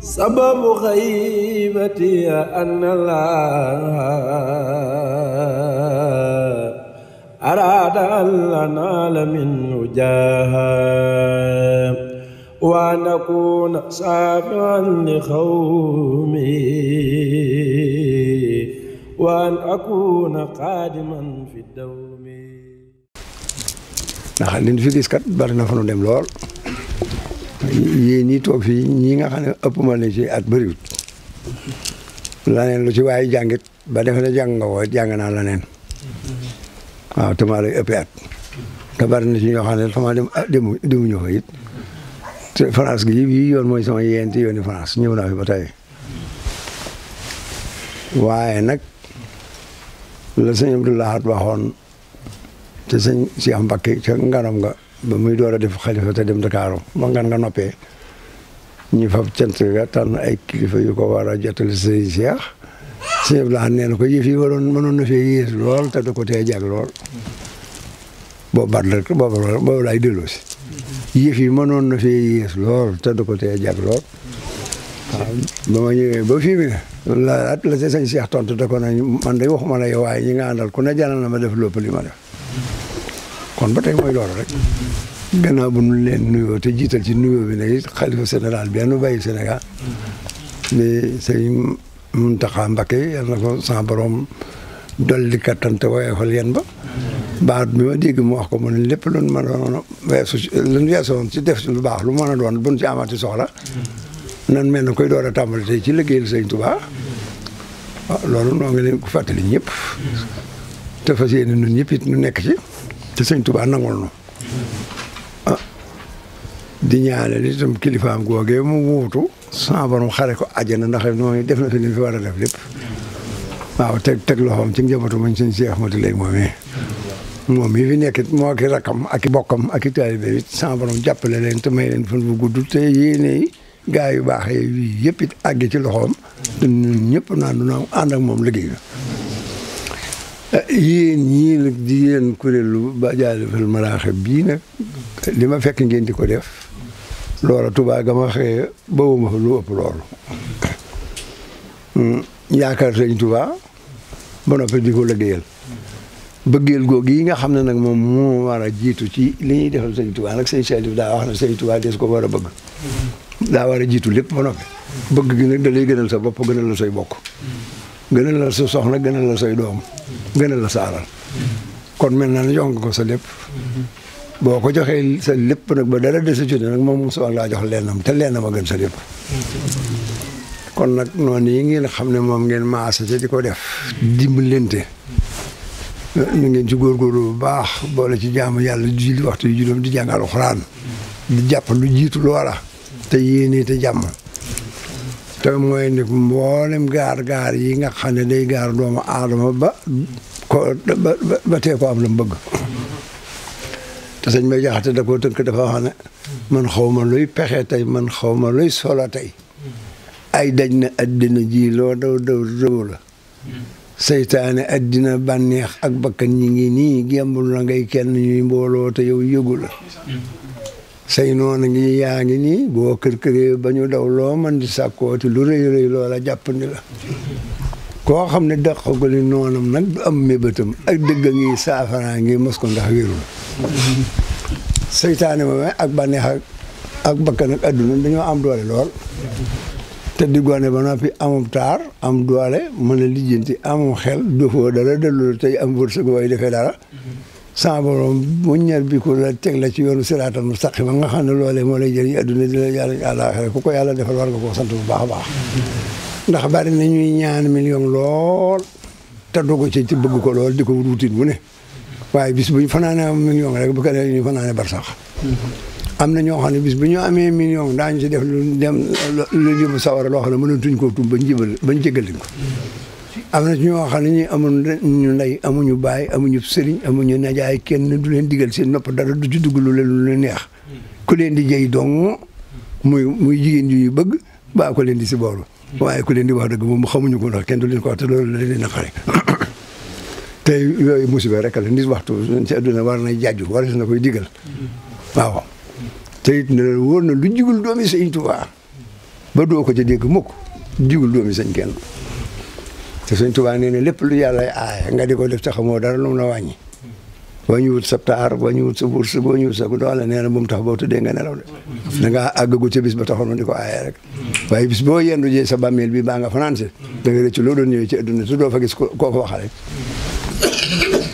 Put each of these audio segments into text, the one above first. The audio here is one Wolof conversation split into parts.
sababu xaybati an laa araada an lanaala minhu jaaha wa an akuuna saafian li xawmi wa an akuuna qaadiman fi dawmi ndax li ñu fi gis kat bari na fa nu dem lool yéen ñi toog fii ñii nga xam ne ëpp ma la ci at bëriwut laneen lu ci waaye jàngit ba defe ne jàng nga woo jàng naa laneen waaw te maa lay at te bari ci ñoo xam ne sama dem demu demuñu fa it France gi yi yoon mooy sama yeenti yooni France ñëw naa fi ba tey waaye nag la sëñ Abdou Lahad waxoon te sëñ Cheikh Mbacké ca ngaram nga ba muy door a def xalifa te dem Dakaaru ma ngan nga noppee ñu fab cant ga tànn ay kilifa yu ko war a jottali sëñ Cheikh sëñ Abdou Lahad na ko yëf yi waroon mënoon na fee yées lool te da ko tee jag lool boobu bat la boobu laay delloo si yëf yi mënoon na fee yées lool te da ko tee jag lool waaw ba ma ñëwee ba fii mi la la sëñ Cheikh tontu da ko na man day waxuma la yow waaye ñi nga àndal ku ne jaral na ma def lépp li ma def kon ba tey mooy loolu rek. gannaaw bu nu leen nuyoo te jiital ci nuyoo bi nag xalifa général bi nu bàyyi Sénégal. di sëriñ Mountakha Mbacké yal na ko sa borom dolli kattan te woyofal yéen ba. baat bi mu wax ko mu lépp lu nu mën a weesu lu nu weesoon ci def lu baax lu mën a doon buñ ci amati soxla. nan mel na koy door a tàmbali tey ci liggéeyal sëriñ Touba. waaw loolu noo ngi leen ko fàttali ñëpp. te fas yéene ñun ñëpp it ñu nekk ci. te sëñ Tuubaa nangul nu ah di ñaanal itam kilifaam googee mu wuutu sama borom xare ko àjjana ndax moom def na fi li fi war def lépp waaw teg teg loxoom ci njabootu mañ sëñ Cheikh Ahmadou Lay moomee moom yi fi nekkit moo ki rakkam ak i bokkam ak i taalibe it sama borom jàppale leen te may leen fan bu gudd te yéene gaa yu baax yi yëpp ci loxoom te ñun ñëpp naan du ànd ak moom liggéey bi yéen ñii nag di yéen kuréelu ba jaajëfal maraaxib bii nag li ma fekk ngeen di ko def loola Tuubaa ga ma xëye bawuma fa lu ëpp loolu hmm, yaakaar sëñ Tuubaa ba noppi di ko liggéeyal bëggeel googu yi nga xam ne nag moom moo war jiitu ci li ñuy defal sëñ Tuubaa nag sëñ Saliou daa wax ne sëñ Tuubaa des ko war bëgg daa war jiitu lépp ba noppi bëgg gi nag da lay gënal sa bopp gënal la say bokk gënal la sa soxna gënal la say doom gënal la sa alal kon mel na ne jox ko sa lépp boo ko joxee sa lépp nag ba dara desu ci nag moom laa jox lennam te lennam a gën sa lépp kon nag noonu yi ngeen xam ne moom ngeen maase ca di ko def dimbalante ñu ngeen ci góor bu baax boole ci jaamu yàlla julli waxtu juróom di jàng alxuraan di jàpp lu jiitu loola te yéene te jàmm te mooy ni mboolem gaar-gaar yi nga xam ne day gaar doomu aadama ba ko tee ko am la mu bëgg te sëñ may jaxate da koo tënk dafa wax man xaw ma luy pexe tey man xaw ma luy solo tey ay daj na addina ji loo daw daw daw la seytaane addina bànneex ak bakkan ñi ngi nii gembul la ngay kenn ñuy mbooloo te yow yëgu la say noon a ngi yaa ngi nii boo kër këree ba ñu daw loo man di ti lu rëy rëy loola jàppandi la koo xam ne daqagali noonam nag du am mébétam ak dëgg a ngi saafaraa ngi mos ko ndax wérul seytaane moom ak bànneex ak ak bakkan ak adduna dañoo am doole lool te di gone ba noppi amum taar am doole mën a lijjanti amum xel dofoo dara dellu tey am wërsëg way defee dara sa borom mu ñer bi la teg la ci yoonu siraatal mustaqim nga xam ne loolee moo lay jëriñ adduna di la jëriñ àllaaxira ku ko yàlla defal war nga koo sant bu baax a baax ndax bari na ñuy ñaan million lool te dogu ci ti bëgg ko lool di ko wutin bu ne waaye bis bu ñu fanaane million rek bu ko defee ñu fanaane bar sax am na ñoo xam ne bis bu ñu amee million ñu si def lu dem lu jëm sawara loo xam ne mënatuñ koo tum bañ jébal bañ jégal ko am na ci ñu xam ne ñi amuñu ndey amuñu baay amuñu sëriñ amuñu najaay kenn du leen digal seen nopp dara du ci dugg lu leen lu leen neex ku leen di jëy dong muy jigéen ju bëgg baa leen di si boolu waaye ku leen di wax dëgg moom xamuñu ko ndax kenn du leen ko wax te loolu te yooyu musiba rek la nit waxtu ci àdduna war na jaaju war na koy digal waaw te it ne wóor na lu jigul doomi sëñ Tuubaa ba doo ko ca dégg mukk jigul doomi sëñ kenn te suñ tubaa nee ne lépp lu yàlla aaya nga di ko def te xamoo dara lu mu la wàññi boo ñu sa taar boo ñu wut sa bourse boo ñu wut sa doole nee na bu mu tax boo tuddee nga nelaw de da ngaa àggagu ca bis ba taxoon di ko aaya rek waaye bis boo yendu jee sa bàmmeel bi baa nga fanaanse da nga rëcc loo doon ñëwee ci duna su doo fa gis koo ko waxale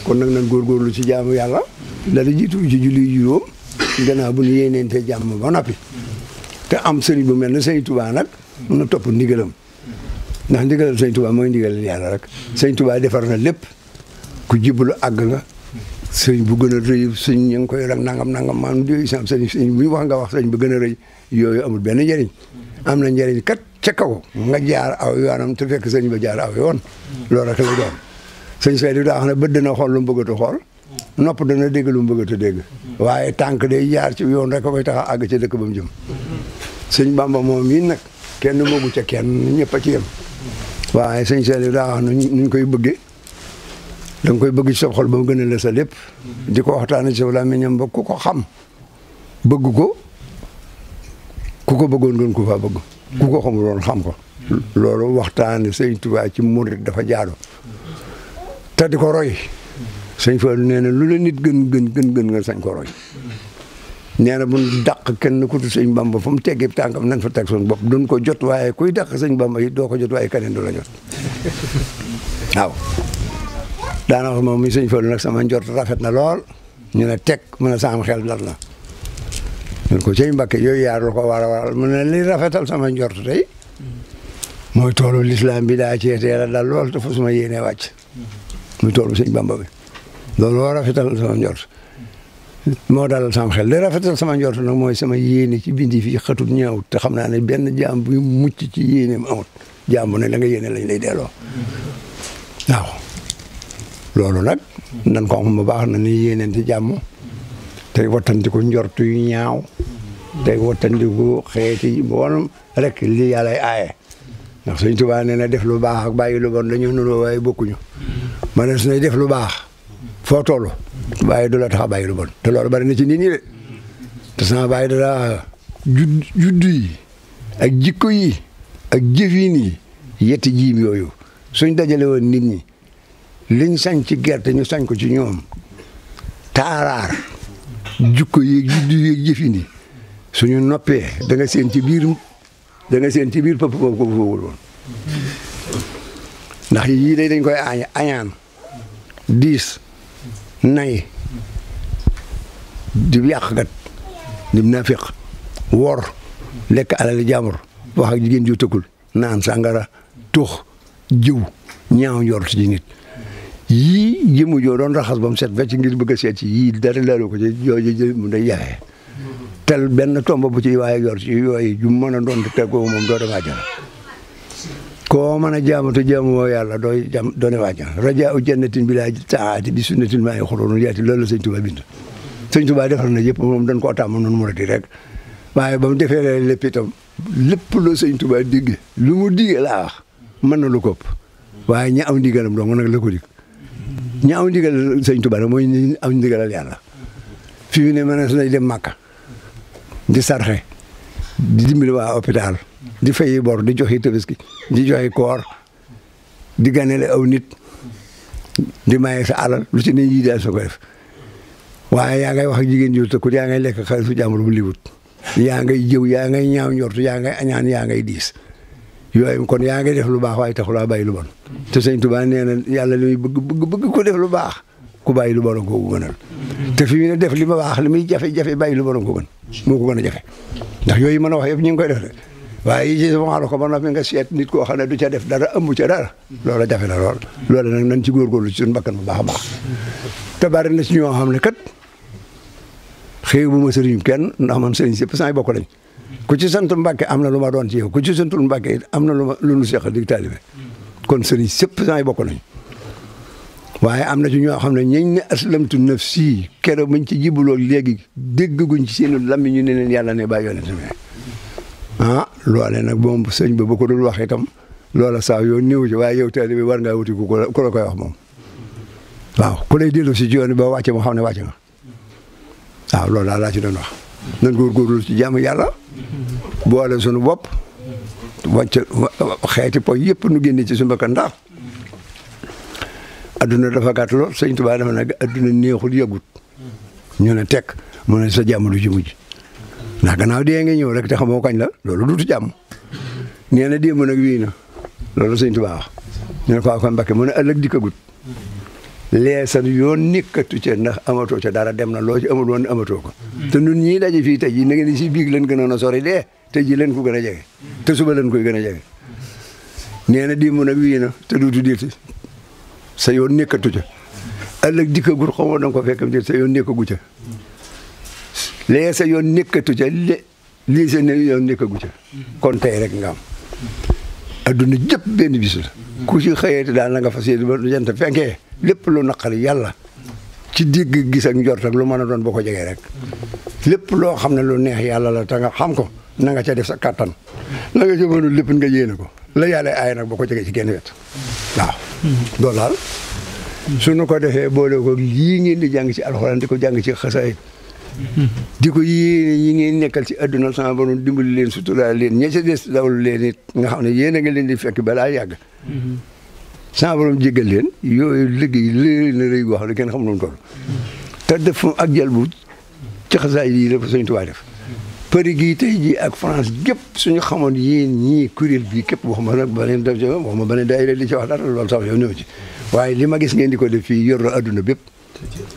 kon nag nan lu ci jaamu yàlla dala jiitu ci julli juróom gannaaw bu ñu yéeneente jàmm ba noppi te am sëriñ bu mel ne sëriñ tubaa nag mun a topp ndigalam ndax ndigalal sëñ Touba mooy ndigalal rek sëñ defar na lépp ku jiblu àgg nga sëñ bu gën a rëy sëñ ñu ngi koy rek nangam nangam maanaam di sam sëñ bu ñu wax nga wax sañ bu gën a rëy yooyu amul benn njëriñ am na njëriñ kat ca kaw nga jaar aw yoonam te fekk sëñ ba jaar yoon loolu rek lay doon sëñ Seydou daa xam ne bët dana xool lu mu bëggatu xool nopp dana dégg lu mu bëggatu dégg waaye tànk day jaar ci yoon rek koy ta a àgg ci dëkk ba mu jëm sëñ Bamba moom yi nag kenn moogu ca kenn ñëpp ci yem waaye sëñ Saliou daa wax nuñ koy bëggee da nga koy bëgg ci sa xol ba mu gën a la sa lépp. di ko waxtaanee ci wala mi ñam ba ku ko xam bëgg ko ku ko bëggoon doon ku faa bëgg. ku ko xamul woon xam ko. loolu waxtaanee sëñ Tuubaa ci murit dafa jaadu. te di ko roy. sëñ Fallu nee na lu la nit gën gën gën gën nga sañ ko roy. nee na bu ñu kenn ku dul sëñ bamba fu mu teggee tànkam nañ fa teg suñu bopp duñ ko jot waaye kuy dàq sëñ bamba yi doo ko jot waaye keneen du la jot waaw daana wax moom mi sëñ Fallu nag sama njort rafet na lool ñu ne teg mu ne saam xel dal na ñun ko sëñ Mbàkke yooyu yaar lu ko war a waral mu ne li rafetal sama njort tey mooy toolu lislaam bi daa ceetee la dal lool te fu suma yéenee wàcc muy toolu sëñ bamba bi loolu rafetal sama njort moo dalal sama xel li rafetal sama njort nag mooy sama yéene ci bindi fi xatut ñaawut te xam naa ne benn jaam bu mucc ci yéeneem amut jaam bu ne nga yéene lañ lay delloo waaw loolu nag nan ko xam bu baax na ni yéeneente jàmm tey wattandiku njort yu ñaaw tey wattandiku xeeti bon rek li yàllay aaye ndax Sëñ Tuubaa nee na def lu baax ak bàyyi lu bon dañu nuloo waaye bokkuñu ma ne su def lu baax foo toll waaye du la tax a bàyyi lu te loolu bari na ci nit ñi de te sama bàyyi dara judd juddu yi ak jikko yi ak jëfin yi yetti jiim yooyu suñ dajale woon nit ñi liñ sañ ci gerte ñu sañ ko ci ñoom taaraar jikko yi juddu yi ak jëfin suñu noppee danga nga seen ci biir da nga seen ci biir pëpp boobu ko yii day dañ koy añaan diis nay di yàqkat di nafiq wor lekk alal jàmbur wax ak jigéen ju tëkkul naan sàngara tux jiw ñaaw njort ci nit yii jëmu joo doon raxas ba set ba ci ngir bëgg a seet ci yii dara laalu ko ci jooju jë mu day jaxee tel bu ci waaye yor ci yooyu ju mën a doon te tegoo moom doo dangaa jara koo mën a jaamatu jaamuwoo yàlla doo jam doo ne wàcca raja u jannatin bi laa taati bi sunnatin maa ngi xoloon yaati loolu la sëñ Tuba bind sëñ Tuba defar na yëpp moom dañ koo tamu noonu mu rek waaye ba mu defee la lépp itam lépp loo sëñ Tuba digg lu mu digg laa wax mën na waaye ña aw ndigalam dong nag la ko dig ña aw ndigal sëñ Tuba nag mooy ñi aw ndigalal yàlla fi mu ne mënees nañ dem Màkka di sarxe di dimbali waa hôpital di fayi bor di joxe tabaski di joxe koor di ganale aw nit di maye sa alal lu ci ne yii daal sa ko waaye yaa ngay wax ak jigéen jiw tëkkut yaa ngay lekk xaalisu jàmbur bu liwut yaa ngay jëw yaa ngay ñaaw njortu yaa ngay añaan yaa ngay diis yooyu kon yaa ngay def lu baax waaye taxulaa bàyyi lu bon te sëñ Tuba nee na yàlla li muy bëgg bëgg ko def lu baax ku bàyyi lu bon ko gënal te fi mu ne def li ma baax li muy jafe-jafe bàyyi lu bon ko gën moo ko a jafe ndax yooyu mën a wax yëpp ñu ngi koy def waaye yi wax la ko ba noppi nga seet nit koo xam ne du ca def dara amu ca dara loola jafe la lool loolu nag nañ ci góorgóorlu ci suñu bakkan bu baax a baax te na ci ñoo xam ne kat xëy bu ma sëriñ kenn ndax man sëriñ si sant bokk lañ ku ci sant Mbàkke am na lu ma doon ci yow ku ci santul Mbàkke it am na lu ma lu nu seq di taalibe kon sëriñ sëpp sant bokk nañ waaye am na ci ñoo xam ne ñañ ne aslamtu nafsi keroog mañ ci jibaloo léegi dégg guñ ci seenu lammi ne leen yàlla ne bàyyi yonent ah loole nag moom sëñ ba bu ko dul wax itam loola saa yoon néew ji waaye yow taalibe bi war ngaa wuti ku ko ku la koy wax moom waaw ku lay dellu si yoon bi ba wàcce mu xam ne wàcce nga waaw loolu daal laa ci doon wax nan góorgóorlu ci jàmm yàlla boole sunu bopp wàcc xeeti po yëpp nu génne ci suñu bakkan ndax adduna dafa gàtt lool sëñ Tuubaa dafa nag adduna neexul yëgut ñu ne tek mu ne sa jàmm du ji mujj ndax gannaaw dee nga ñëw rek te xamoo kañ la loolu duutu jàmm nee na démb nag wii na loolu sëñ Tuubaa wax ko ak Mbàkke mu a ëllëg dikkagut leesal yoon nekkatu ca ndax amatoo ca dara dem na loo ci amul woon amatoo ko te nun ñii daje fii tey jii na ngeen si biig leen gënoon a sori dee te ji leen ko gën a jege te suba leen koy gën a jege nee na démb nag wii na te duutu dilti sa yoon nekkatu ca ëllëg dikkagut xamoo da nga ko fekkam dir sa yoon nekkagu ca léegi sa yoon nekkatu ca lé lii sa yoon nekkagu ca kon tey rek nga am adduna jëpp benn bis la ku ci xëyeete daal na nga fas yéene ba jant fenkee lépp lu naqari yàlla ci digg gis ak njort lu mën a doon boo ko jegee rek lépp loo xam ne lu neex yàlla la te nga xam ko na nga ca def sa kàttan la nga ca mënul lépp nga yéene ko la yàlla ay nag boo ko jegee ci genn wet waaw loolu daal su nu ko defee boole ko lii ngeen di jàng ci alxuraan di ko jàng ci xasaay di ko yi ngeen nekkal ci adduna sama borom dimbali leen sutura leen ña ca des dawlu leen it nga xam ne yéen a nga leen di fekk balaa yàgg. sama borom jéggal leen yooyu liggéey léeg na rëy wax la kenn xam lu toll. te def ak jal bu ci xasaay yi la fa Sëñ Tuubaa def. Paris gii tey jii ak France gépp suñu xamoon yéen ñii kuréel bii képp waxuma nag beneen def ci waxuma beneen daayira li ci wax dara loolu sax yow ñëw ci waaye li ma gis ngeen di ko def fii yor la adduna bépp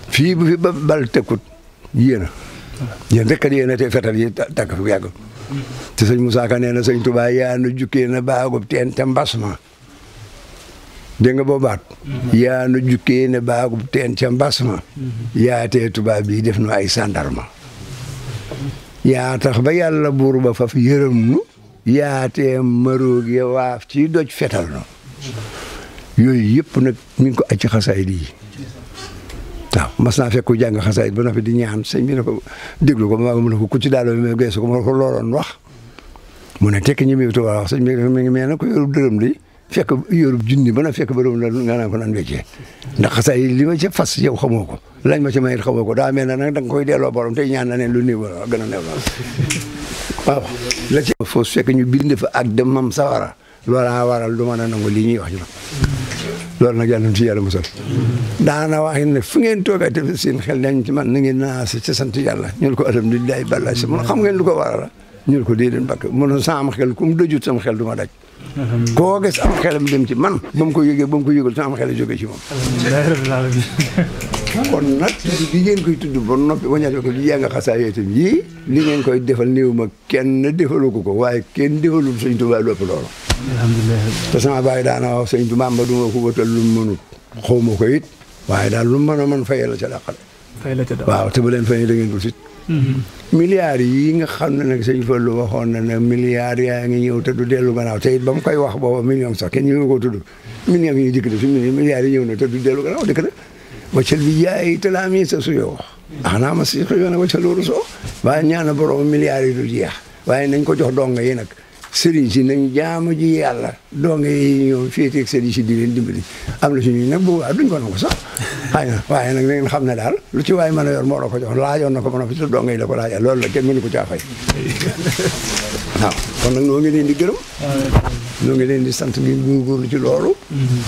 fii bu fi ba bal tekkut yéen a yéen rek kat te fetal yi tàkk fi yàgg te sëñ mu Ka nee na sëñ Touba yaa nu jukkee na baagub teen te mbas ma dégg nga boo baat mm-hmm. yaa nu jukkee ne baagub teen ca mbas ma mm-hmm. yaa tee Touba bii def nu ay sandarma yaa tax ba yàlla buur ba faf yërëm nu yaa tee maroog ya waaf ci doj fetal nu mm-hmm. yooyu yëpp nag mi ko acci xasaay di waaw mas naa fekk ku jàng xasaayit ba noppi di ñaan sañ bi ne ko déglu ko maa mu ne ko ku daaloo bi ma ko ma ko looloon wax mu ne tekki ñi muy tubaab wax sëñ bi mi ngi mel ne ko yorub dërëm li fekk yorub junni ba na fekk ba doon la nga naan ko naan ndax xasaayit li ma ca fas yow xamoo ko lañ ma ca mayit xamoo ko daa mel ne nag da koy delloo borom tey ñaan na neen lu néew la gën a néew waaw la ci foo fekk ñu bind fa ak de mam sawara loolaa waral lu mën a nangu lii ñuy wax loolu nag yàlla na ci a musal daana wax na fu ngeen toogee te seen xel nañ ci man na ngeen naase ci sant yàlla ñun ko alhamdulilah balla si mun xam ngeen lu ko waral ñun ko dee den mun sa am xel ku mu dëjut sama xel du ma daj koo gis am xelam dem ci man ba mu ko yëgee ba mu ko yëgul sama xel jógee ci moom kon nag li ngeen koy tudd ba noppi wañaat ko di jàng xasaay yooyu itam yii li ngeen koy defal néew ma kenn defalu ko ko waaye kenn defalul Sëñ Tuubaa lu ëpp loolu alhamdulilah te sama baay daana wax sëñ Bamba du ma ko wutal lu mu mënut xaw ma ko it waaye daal lu mu mën a mën fayal la ca dàqale fayal la ca dàqale waaw bu leen fayee da ngeen mhm. yi nga xam ne nag sëñ Fallou waxoon na ne milliards yaa ngi ñëw te du dellu gannaaw te it ba mu koy wax booba million sax kenn ñu ko tudd million yi dikk na fi milliards yi ñëw na te du dellu gannaaw dikk na waccal bi jaay talaami sa suyoo xanaa ma si xëyoon a waccal loolu soo waaye ñaana borom milliards yi du jeex waaye nañ ko jox dong yi nag sëriñ si nañ jaamu ji yàlla dong yi ñoom féeteeg sëriñ si di leen dimbali am na si ñun nag bu boobaa ko nangu sax xëy na waaye nag ngeen xam ne daal lu ci waaye ma a yor moo la ko jox na ko mën a fi sa dong yi la ko laajal la kenn mënu ko caa fay waaw kon nag noo ngi leen di gërëm noo ngi leen di sant ngeen góorgóorlu ci loolu mm-hmm.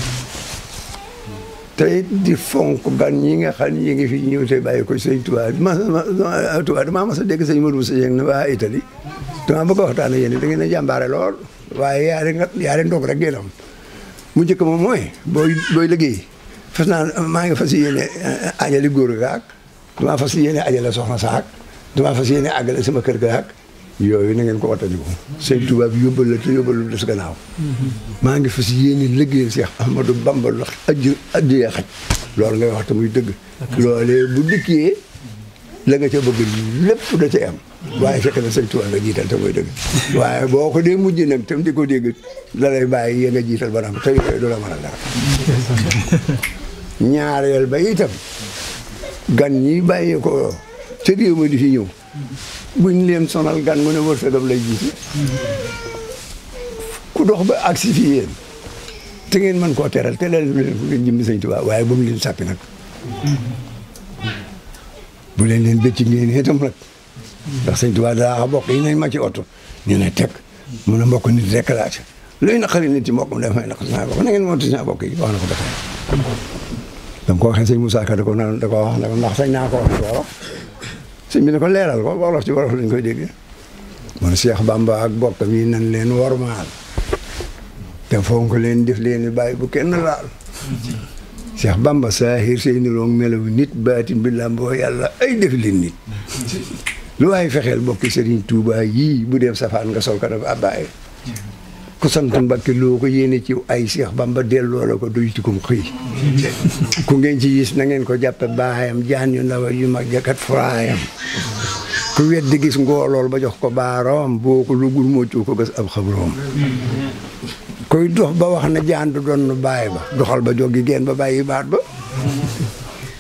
tey di fonk gan ñi nga xam ñi ngi fi ñëw tey bàyyi ko tu Tuubaa ma Tuubaa damaa mas a dégg sëñ Modou Moussa Dieng ne waa Italie dama bëgg a waxtaan ak yéen da ngeen a jàmbaare lool waaye yaare nga yaare ndog rek ngeen mu njëkk moom mooy booy booy liggéey fas naa maa ngi fas yéene eh, ajali góor gaak damaa fas yéene ajale soxna saak damaa fas yéene àggale sama kër gaak yooyu na ngeen ko wattandiku sëñ Tuubaa bi yóbbal la te yóbbal lu des gannaaw maa ngi fas yéene liggéeyal Seex Ahmadou Bamba la a ajjuyee xaj loolu ngay wax te muy dëgg loolee bu dikkee la nga ca bëgg lépp da ca am waaye fekk na sëñ Tuubaa nga jiital te mooy dëgg waaye boo ko dee mujj nag tam di ko dégg la lay bàyyi ya nga jiital ba noppi te yooyu du la mën a dara ñaareel ba itam gan ñi bàyyi ko te ma di fi ñëw buñ leen sonal gan mu ne wërsëgam lay jiite ku dox ba agsi fi yéen te ngeen man koo teral te leen leen fu ngeen jëmbi sëñ Tuubaa waaye bu mu leen nag bu leen leen bëcc ngeen itam nag ndax sëñ Tuubaa daa bokk yi nañ ma oto ñu ne teg mu ne mbokk nit rek laa ci luy naqari nit ci mbokk mi dafay naqari sama bokk na ngeen moytu sama bokk yi wax na ko dafa ko waxee sëñ Moussa Ka da ko wax ne ko ndax sañ naa ko wax ci wolof sëñ bi ne ko leeral ko wolof ci wolof lañ koy déggee mu ne Bamba ak bokkam yi nañ leen wormaal te fonk leen def leen bàyyi bu kenn laal Cheikh Bamba saa xiir say niroog melaw nit baatin bi làmboo yàlla ay def leen nit lu waaye fexeel bokki Serigne Touba yii bu dem safaan nga sol ko def abbaay ku sant Mbakke loo ko yéene ci ay Seex Bamba delloo la ko duy ci kum xëy ku ngeen ci gis na ngeen ko jàppe baayam jaan yu ndaw yu mag jakat furaayam ku wet di gis lool ba jox ko baaroom boo ko lugul moccoo ko gës ab xabroom koy dox ba wax na jaan du doon baay ba doxal ba joggi geen ba bàyyi baat ba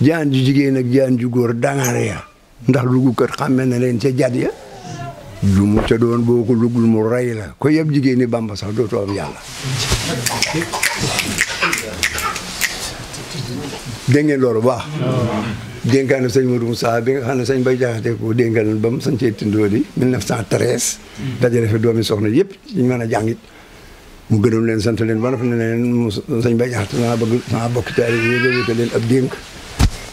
jaan ju jigéen ak jaan ju góor dangar ya ndax lugu kër xàmme na leen ca jat ya lu mu ca doon boo ko lugul mu ray la ko yëpp jigéen ñi bamba sax doo am yàlla dégg ngeen loolu baax dénkaane sëñ Modou Moussa bi nga xam ne sëñ Bay Jaxate ko dénkaan ba mu sañcee tindoo di 1913 dajale fi doomi soxna yëpp ñu mën a jàngit mu gënoon leen sant leen ba nga xam ne leen sëñ Bay Jaxate naa bëgg naa bokk ci ay leen ab dénk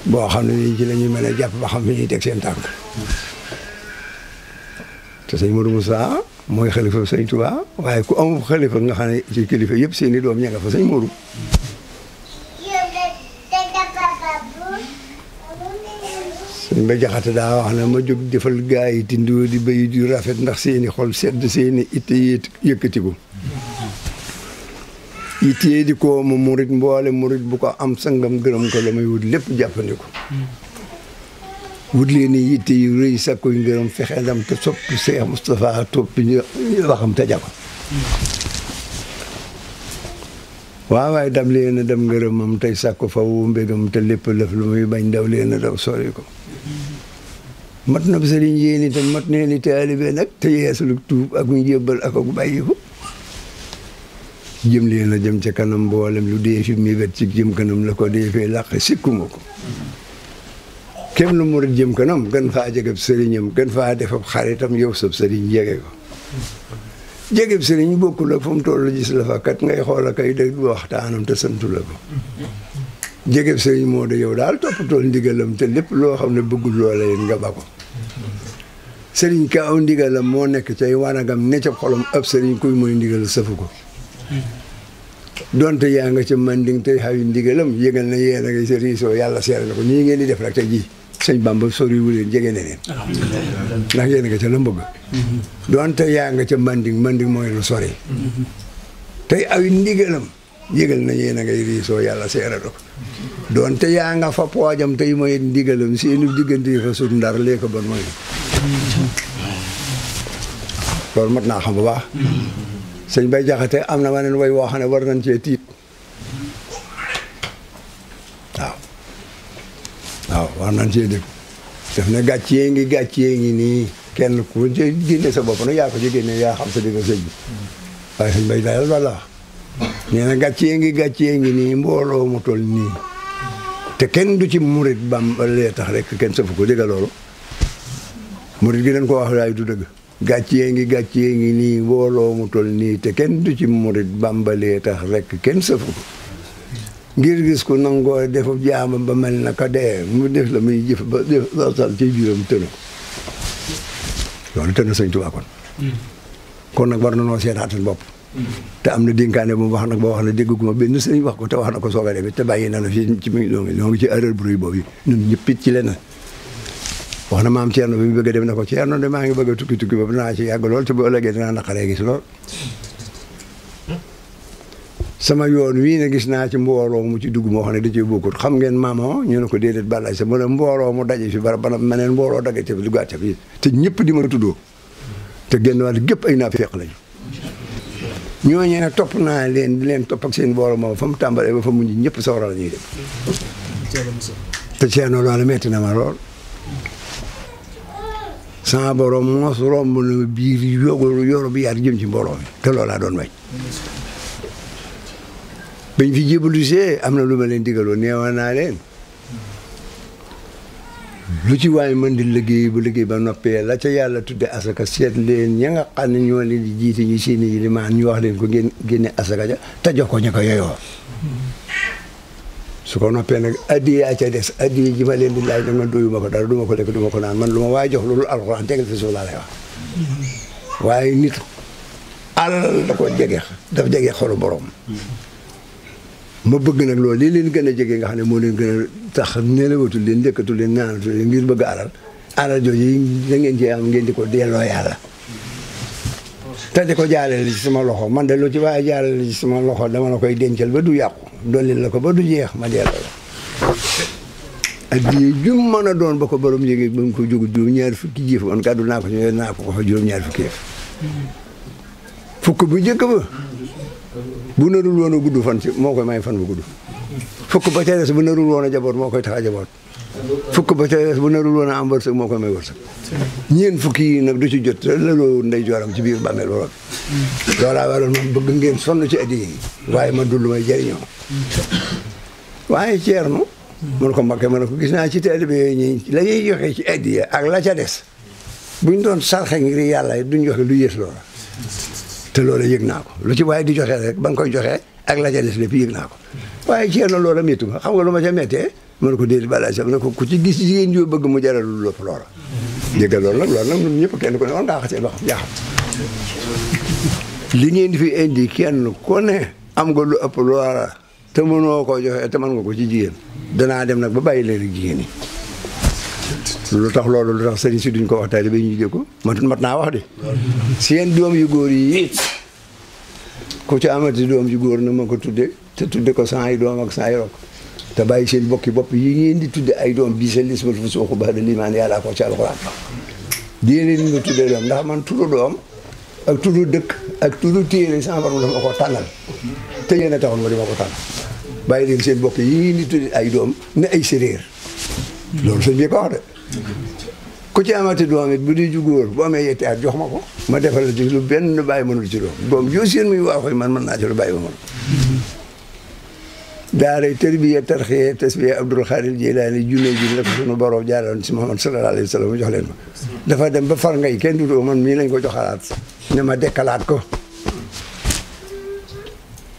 boo xam ne nii ci la ñuy a jàpp ba xam fi ñuy teg seen tànk te sëñ Modou Moussa mooy xalifa sëñ Touba waaye ku amul xalifa nga xam ne ci kilifa yëpp seen doom ña nga fa sëñ Modou sëñ ba jaxate daa wax ne ma jóg defal gaa yi tindoo di béy di rafet ndax seen i xol sedd seen i itte yëkkatiku yittee di ko mu murit mboole murit bu ko am sangam gërëm ko la may wut lépp jàppandi ko wut leen ni yitte yu rëy sakku yu ngërëm fexeelam te soppi Cheikh Moustapha toppi ñu waxam te jàpp waaw waaye dab leen a dem ngërëmam tey sakku fawu wu mbégam te lépp lëf lu muy bañ daw leen a daw sori ko mat na sëriñ yéen itam mat nee ni taalibe nag te yeesu tuub ak ñu jébbal ak ak bàyyi ko jëm leen a jëm ca kanam mboolem lu dee mi wet ci jëm kanam la ko dee fee làq sikkuma ko kem lu mu jëm kanam gën faa jegeb sëriñam gën faa defab xaritam yow sab sëriñ jege ko jegeb sëriñ bokkul a fu mu toll gis la fa kat ngay xool ak ay déglu waxtaanam te santu la ko jegeb sëriñ moo de yow daal toppatool ndigalam te lépp loo xam ne bëggul loola yéen nga ba ko sëriñ ka aw ndigalam moo nekk cay wanagam ne ca xolam ab sëriñ kuy mooy ndigal sëfu ko donte yaa nga ca manding te xaw yi ndigalam yëgal na yéen a ngi sa riisoo yàlla seere na ko ñu ngeen di def rek te ji sëñ Bamba sori wu leen jege ndax yéen a nga ca la mbëgg mhm. donte yaa nga ca manding manding mooy lu sori mhm. tey aw ndigalam yëgal na yéen a ngay riisoo yàlla seere na ko donte yaa nga fa poojam tey mooy ndigalam seenu diggante yi fa sut ndar lee ko bon mooy mhm. loolu mat naa xam bu baax sëñ bay jaxate am na waneen way woo xam ne war nañ cee tiit waaw waaw war nañ cee dégg def na gàcc yee ngi gàcc yee ngi nii kenn ku ci génne sa bopp na yaa ko ci génne yaa xam sa digga sëñ waaye sëñ bay daal loolu la na gàcc yee ngi gàcc yee ngi nii mbooloo mu toll nii te kenn du ci murit bam lee tax rek kenn safu ko dégga loolu murit gi dañ ko wax laay du dëgg gàccee ngi gàccee ngi nii mbooloo mu tol nii te kenn du ci murit bàmbalee tax rekk kenn sëfu ko ngir gis ko nangoo defu jaamam ba mel na ka dee mu def la muy jëf ba def la sal ci biiram tënu ko loolu tënu sëñ Tuubaa kon nag war na noo seetaat suñu bopp te am na dénkaane bu mu wax nag boo wax ne dégguma benn sëñ wax ko te wax na ko soogay def te bàyyi na la fii ci mi ngi ngi ci erreur bruit boobu ñun ñëpp it ci leneen wax na maam Thierno bi mu bëgg a dem na ko Thierno de maa ngi bëgg a tukki tukki boobu naa ci yàgg lool te bu ëllëgee dinaa naqaree gis lool. sama yoon wii ne gis naa ci mbooloo mu ci dugg moo xam ne da cee bokkut xam ngeen maama ah, ñu ne ko déedéet balaa sa mu ne mbooloo mu daje fi barab bana meneen mbooloo dagge ca lu gàtt bi te ñëpp di ma tuddoo te génn wàll gépp ay naafeq lañu ñooñu nag topp naa leen di leen topp ak seen mbooloo moom fa mu tàmbalee ba fa mu ñëpp sawara la ñuy metti na ma lool sama borom moos romb na biir yóbbu yóbbu bi yaar jëm ci mbooloo mi te loolu laa doon bañ. fi jébbalu see am na lu ma leen digaloon nee naa leen. lu ci waay mën di liggéey bu liggéey ba noppee la ca yàlla tudde asaka seet leen ña nga xam ne ñoo leen di jiite ñu seeni yilimaan ñu wax leen ko génne asaka ja te jox ko ña ko yeyoo su ko noppee nag addi yaa ca des a addi ji ma leen di laaj nag man doyuma ko dara du ma ko lekk du ma ko naan man lu ma waay jox loolu alxuraan tegal fi suuf laa lay wax waaye nit alal da ko jege daf jege xolu borom ma bëgg nag lool lii leen gën a jege nga xam ne moo leen gën a tax nelawatul leen lekkatul leen naanatul leen ngir bëgg alal alal jooju da ngeen ci am ngeen di ko delloo yàlla te di ko jaarale ci sama loxo man de lu ci waaye jaarale ci sama loxo dama la koy dencal ba du yàqu dolli la ko ba du jeex ma delloo la addiye jum mën a doon ba ko borom yéegi ba mu ko jóg juróom-ñaari fukki jëf man kàddu naa ko ñëw naa bu njëkk ba bu narul woon a gudd fan ci moo koy may fan bu gudd fukk ba ca des bu narul woon a jaboot moo koy tax a jaboot fukk ba ca des bu narul am wërsëg moo koy may wërsëg ñeen fukki yi nag du ci jot laloo ndey jooram ci biir bàmmeel borom loolaa waroon man bëgg ngeen sonn ci addiya yi waaye ma du lu may jëriñoo waaye ceernu mun ko mbakke ma ne ko gis naa ci taalibe yooyu ñi la ñuy ci addiya ak la ca des buñ doon sarxe ngir yàlla duñ joxe lu yées loola te loola yëg naa ko lu ci waaye di joxe rek ba nga koy joxe ak la ca lépp yëg naa ko waaye Thierno loola métti ma xam nga lu ma ko déedéet balaa sa na ko ku ci gis jigéen joo bëgg mu jaral lu lëpp loola dégg nga loolu nag loolu nag ñun ñëpp kenn ku ne war ngaa xasee ba xam yaa fi indi kenn ku am nga lu ëpp loola te mënoo koo joxe te mën nga ko ci jigéen danaa dem nag ba bàyyi leen ak jigéen yi lu tax loolu lu tax sëriñ si duñ ko wax taalibe yi ñu dégg ko mat mat naa wax de seen doom yu góor yi ku ci amati doom yu góor na ma ko tudde te tudde ko sans ay doom ak sans ay rok te bàyyi seen bokki bopp yi ngeen di tudde ay doom bii sa lis bal fa suuxu bada limaan yàllaa ko ci alxuraan dée leen nga tudde doom ndax man tudd doom ak tudd dëkk ak tudd téere sans borom ko tànnal te yéen a taxoon ma bàyyi leen seen bokki yi ngeen di tudde ay doom ne ay séréer loolu sëñ bi ko wax de ku ci amati doom it bu di ju góor bu amee yetti at jox ma ko ma defal la lu benn bàyyi mënul ci doom doom joo seen muy waaxoy man mën naa ci lu bàyyi ba mën daaray tërbiya tarxiya tasbiya Abdul Xaadir Jilaani junne ji la ko sunu borom jaaraloon si Muhammad sallallahu jox leen ko. dafa dem ba far ngay kenn du doo man mii lañ ko joxalaat ne ma dekkalaat ko.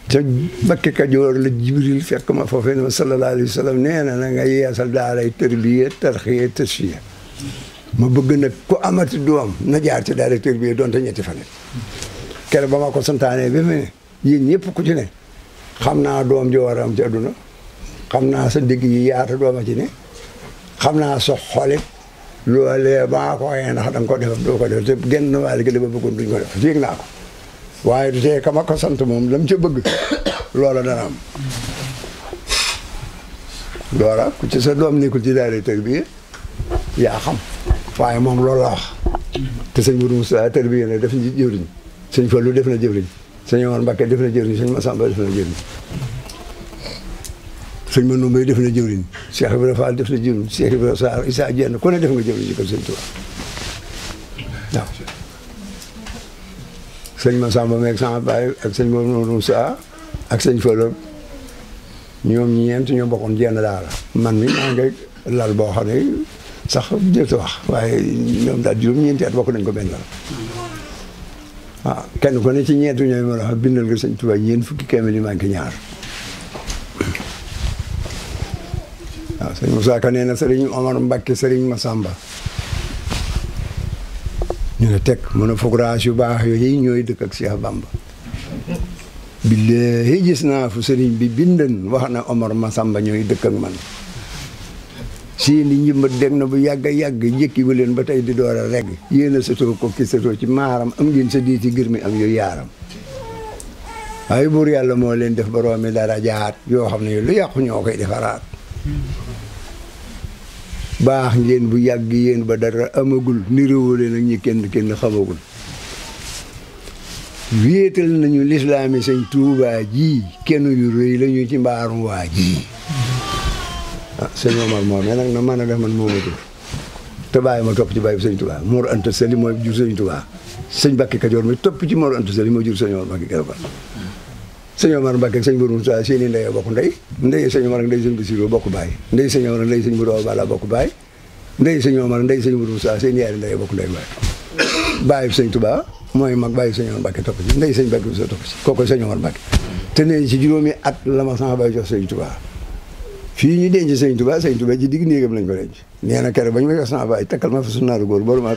te Mbakke Kajoor la Jibril fekk ma foofee ne ma sallallahu alayhi wa sallam nee na na nga yeesal daaray tërbiya tarxiya tasbiya ma bëgg nag ku amati doom na jaar ci daaray tërbiya doonte ñetti fan. keroog ba ko santaane ba mu ne yéen ñëpp ku ci ne. xam naa doom ji war a am ci àdduna xam naa sa ndigg yi yaata dooma ci ne xam naa so xolit loolee baa ko waxee ndax da ko def doo ko def te genn wàll gi li ma bëggoon duñ ko def yëg naa ko waaye du tee kama ko sant moom lam ca bëgg loola dana am loola ku ci sa doom nekkul ci daara tarbiya yaa xam waaye moom loolu la wax te sëñ Mourou Moussa tarbiya ne def na jëwriñ sëñ Fallou def na jëwriñ sëñ Omar Mbacke def na jëwriñ sëñ Massamba def na jëwriñ sëñ Manou Mbaye def na jëwriñ Cheikh Ibrahima Fall def na jëwriñ Cheikh Ibrahima Sarr Issa Diène ku ne def nga jëwriñ ci kër sëñ Touba waaw sëñ Massamba meeg sama baay ak sëñ Manou Sa ak sëñ Fallou ñoom ñeent ñoo bokkoon jenn daara man mi maa ngi lal boo xam ne sax jël wax waaye ñoom daal juróom ñeenti at bokk nañ ko benn lal waaw ah, kenn ku ne ci ñeet ñooy ma la bindal nga sëñ Tuubaa ñeent fukki kaamil yi manqué ñaar waaw sëñ Moussa Ka nee na sëriñ Omar Mbacke sëriñ Massamba ñu ne teg mun a fograas yu baax yooyu ñooy dëkk ak Cheikh Bamba billaahi gis naa fu sëriñ bi bindan wax na Omar Massamba ñooy dëkk ak man seeni njëmbat dégg na bu yàgg a yàgg jékki wu leen ba tey di door a regg yéen a sotoo ko ki sotoo ci maaram am ngeen sa diiti gër mi am yu yaaram waaye buur yàlla moo leen def boroomi dara jaat yoo xam ne lu yàqu ñoo koy defaraat baax ngeen bu yàgg yéen ba dara amagul niroo leen ak ñi kenn kenn xamagul wéetal nañu lislaami sëñ Tuubaa ji kenn yu rëy lañu ci mbaarum waa ji ah sëñ Omar moomee nag na mën a def ma jur te bàyyi ma topp ci bàyyi bi sëñ Touba Mor Anta Sali mooy jur sëñ Touba sëñ Mbàkke Kajoor topp ci Mor Anta Sali mooy jur sëñ Omar Mbàkke Kajoor sëñ Omar Mbàkke ak sëñ Bourou Moussa seen i ndey bokk ndey bu sëñ Omar ak ndey sëñ Bassirou bokk bàyyi ndey sëñ Omar ak ndey sëñ Bourou Bala bokk bàyyi ndey bokk ndey bàyyi bàyyi bi sëñ Touba mooy mag bàyyi sëñ Omar Mbàkke topp ci ndey sëñ Mbàkke Moussa topp ci kooku sëñ Omar Mbàkke te nee ci juróomi at la ma sama jox sëñ Touba fii ñu denc sëñ Tuba sëñ Tuba ci digg néegam lañ ko denc nee na keroog ba ñu may wax sama baay takkal ma fasu naaru góor boolu ma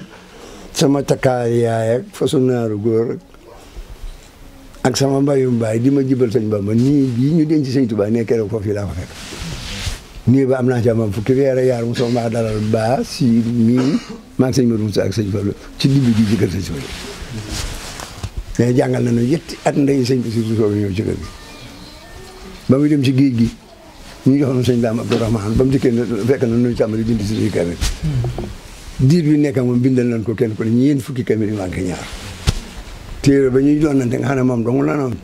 sama takkaay yaay ak fasu naaru góor ak sama mbayum baay di ma jibal sëñ Bamba nii bii ñu denc sëñ Tuba nee laa ko fekk nii ba am naa ci am fukki weer ak yaar mu soog maa dalal baa si mii maa ngi sëñ Modou Moussa ak sëñ Fallou ci digg gi ci kër sëñ Fallou mais jàngal nañu yetti at nday sëñ bi si ñëw ci kër ba muy dem ci géej gi ñu joxoon sëñ daam Abdourahmane ba mu dikkee fekk na ñu tàmbali bind suñuy kamil hmm. diir bi nekk moom bindal nañ ko kenn ku ne ñeent fukki kamil yi manqué ñaar téere ba ñuy doonante nga xam ne moom dong la noonu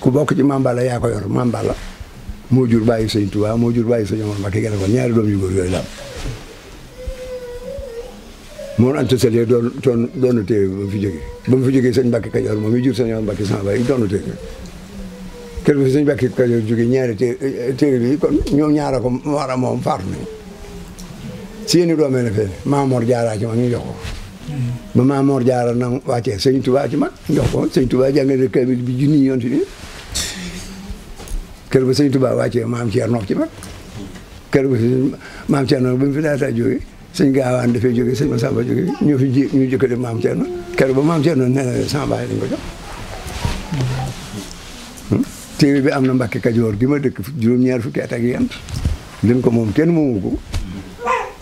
ku bokk ci Mambala yaa ko yor Mambala moo jur bàyyi sëñ Touba moo jur bàyyi sëñ Omar Mbacké gën a kon ñaari doom yu góor yooyu la moom Anta Sall yooyu doon doonu téere ba mu fi jógee ba mu fi jógee sëñ Mbacké Kajoor moom mi jur sëñ Omar Mbacké sama baay doonu téere kër bi fi suñu bàkki Kajoor jóge ñaari téere eh, bi kon ñoom ñaara ko war a moom faatu nañu seeni doomee la fee Maamoor Jaara ci mag ñu jox ko ba Maamoor Jaara nag wàccee sëñ Tuubaa ci mag jox ko sëñ Tuubaa jàngale kaamil bi junni yoon si nii ba sëñ Tuubaa wàccee maam Ceerno ci mag kër ba fi maam Ceerno ba mu fi laataa jóge sëñ Gaawaan dafay jóge sëñ Masamba jóge ñoo fi ji ñu jëkkale maam Ceerno kër ba maam Ceerno nee na sama baay lañ téere bi am na Mbàkke Kajoor gi ma dëkk juróom-ñaar fukki at ak yant leen ko moom kenn moomu ko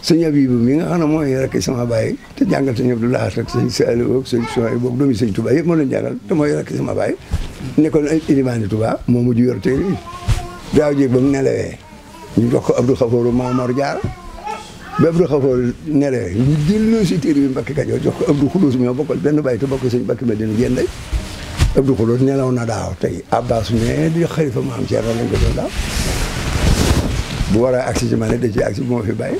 sëñ Abibu mi nga xam ne mooy rakk sama baay te jàngal sëñ Abdou Lahad ak sëñ Saliou ak sëñ Souhaï boog doomi sëñ Touba yëpp moo leen jàngal te mooy rakk sama baay nekkoon ilimaani Touba moo mujj yor téere yi daaw jéeg ba mu nelawee ñu jox ko Abdou Xafooru Mamor Diarra ba Abdou Xafooru nelawee ñu delloo si téere bi Mbàkke Kajoor jox ko Abdou Xulóos mi ma bokkal benn baay te bokk sëñ Mbàkke Madina Jeenday Abdou Khoudoss nelaw na daaw tey Abbas ne di xalifa maam Thierno lañ ko doon daaw. bu war a agsi ci man it bu ma fi bàyyi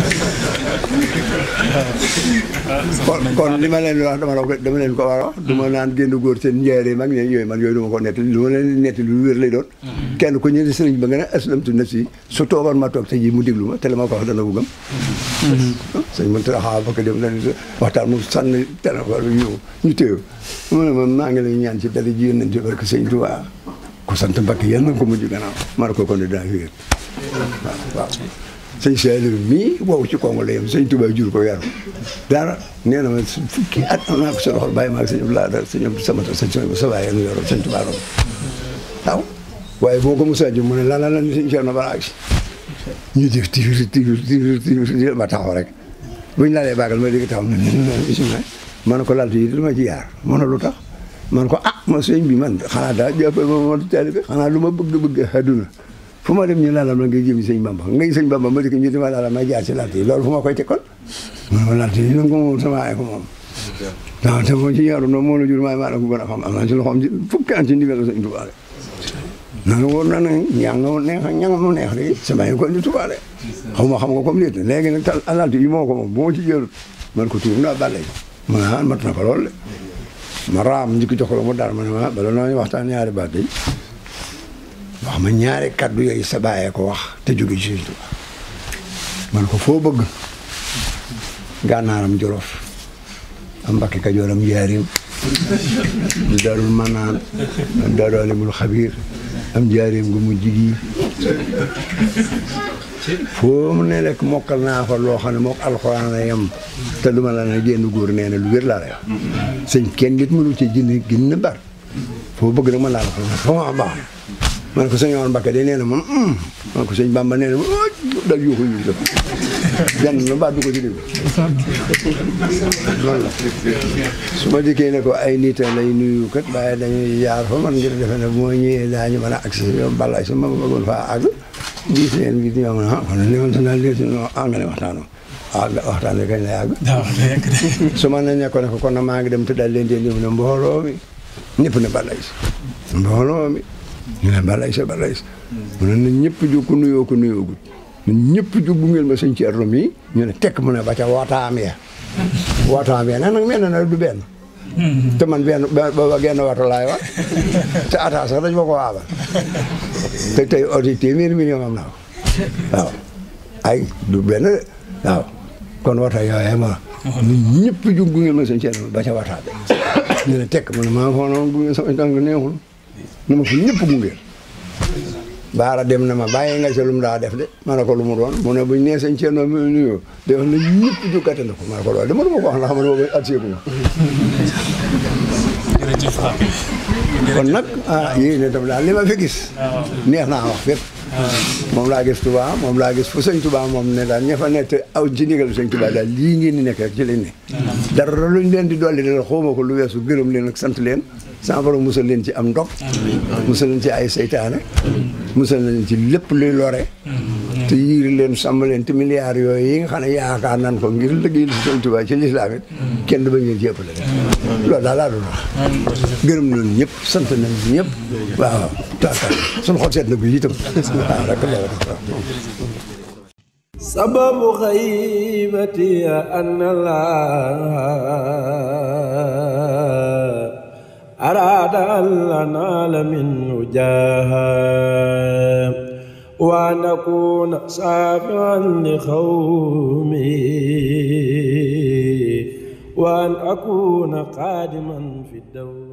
kon kon li ma leen di wax dama leen ko a wax du naan génn góor seen njaaree mag ñeen yooyu man yooyu du ko nettali lu lu wér lay doon mm-hmm. kenn ku ñu ne sëriñ ba nga ne aslamtu nafsi su toogoon ma toog te ji mu déglu ma te la ma ko wax dana ko gëm mm-hmm. sëñ mën taxaa bako dem waxtaan mu sànn téléphone bi ñu ñu téew mu ne ma maa ngi lay ñaan ci dara ji yónnante barke sëñ Tuubaa ku sant Mbacke yal na ko mujj gannaaw ma ko kon dinaa fi yéen waaw waaw. sëñ Saliou mii wow ci Congo la yem sëñ ko yar dara nee na ma fukki at am naa ko sa loxol bàyyi ma ak sëñ Abdoulaye sëñ Abdou Samata sëñ Samata sa nu yoroon sëñ Touba roon waaw waaye boo ko mosaa ji mu ne lan lan sëñ Cheikh ñu def tiir tiir tiir tiir ma taxaw rek buñ laalee ma dégg taxaw ma ne ko lal yi dama ci yaar mu lu tax man ko ah ma sëñ bi man xanaa daa jàppal ma ma taalibe xanaa lu ma bëgg bëgg àdduna fu ma dem ñu laalal ma ngay jëm sëñ Bamba ngay sëñ Bamba ma dikk ñu dima laalal ma jaar ci lant yi loolu fu ma koy teg kon ma lant yi nag ko moom sama ay ko moom waaw te moom ci yaru noonu moo la jur maay maa ko gën a xam am naa ci loxoom ci fukki an ci ndigal sëñ na nga wóor na nag ñaa nga mu neex neex de sama ko di Tuubaa de ma xam nga comme léegi léegi nag tal lant yi moo ko moom bu ma ci jël man ko tuur naa bàlle ma ah, ma na ko lool ma raam njëkk jox la mu daal ma ne ma ah, bala noo ñu waxtaan ñaari baat bi wax ma ñaari kaddu yooyu sa bàyyee ko wax te jóge ci Sëñ Tuubaa man ko foo bëgg gànnaaram jolof am mbakki kajooram jaarim du darul manaan am daaraalimul xabiir am jaarim gu mu foo mu ne rek mokkal naa fa loo xam ne mook alxuraan te lu ma la ne génn góor nee na lu wér laa lay wax sëñ kenn nit mënu ci jënd gën na bar foo bëgg nag mën laa la ko ma ne sëñ Omar Mbacké de nee na moom ma mm. sëñ Bamba nee na moom dal yuuxu yuuxu du ko ci déglu su ma dikkee ne ko ay nita lay nuyu kat waaye dañuy jaar fa man ngir defe ne bu ma ñëwee daañu mën a agsi yow balaay sa ma bëggoon faa diis leen bi di yomb na ne ma doon daal diis na ànd na waxtaanoo ah waxtaan bi kañ la yàgg. waaw la yàgg de. su ma ne nekkoon ko kon maa ngi dem te daal leen di ñëw ne mbooloo mi ñëpp ne balay si. mbooloo mi ñu ne balay sa balay sa. mu ne na ñëpp ju ku nuyoo ku nuyoo gudd. na ñëpp ju bu ngeen ma sëñ Thierno mii ñu ne tekk mu ne ba ca waataam ya. waataam ya nag mel na du benn. te man benn booba genn waxtu laay wax te ataa sax dañ ma ko waabal te tey oto téeméeri million na ko waaw ay du benn waaw kon wata yooyee ma ñu ñëpp jug gunge ma sëñ Thierno ba ca wataa bi ne tekk mu ne maa foo na ma ko ñëpp gunge baara dem na ma bàyyi nga ca lu mu daa def de ma ne ko lu mu doon mu de wax na ma ko loolu dama ko wax na xam ne boobu at kon nag ah yii ne daf daal li ma fi gis neex na wax fépp moom laa gis Touba moom laa gis fu sëñ Touba moom ne daal ña fa nekk aw ci ndigal sëñ Touba daal lii ngeen di nekk rek ci lañ ne dara luñ leen di dolli dal xawma ko lu weesu gërëm leen ak sant leen sans borom leen ci am ndox musal leen ci ay seytaane musal leen ci lépp luy lore te yiiri leen sàmm leen te milliards yooyu yi nga xam ko ngir liggéeyal si Sëñ Tuubaa ci leen loolu daal laa doon wax gërëm nañu ñëpp sant nañu ñëpp waaw taakaar suñu xol seet na ko itam waaw rek la sababu Allah araada an وأن أكون شافعا لقومي وأن أكون قادما في الدور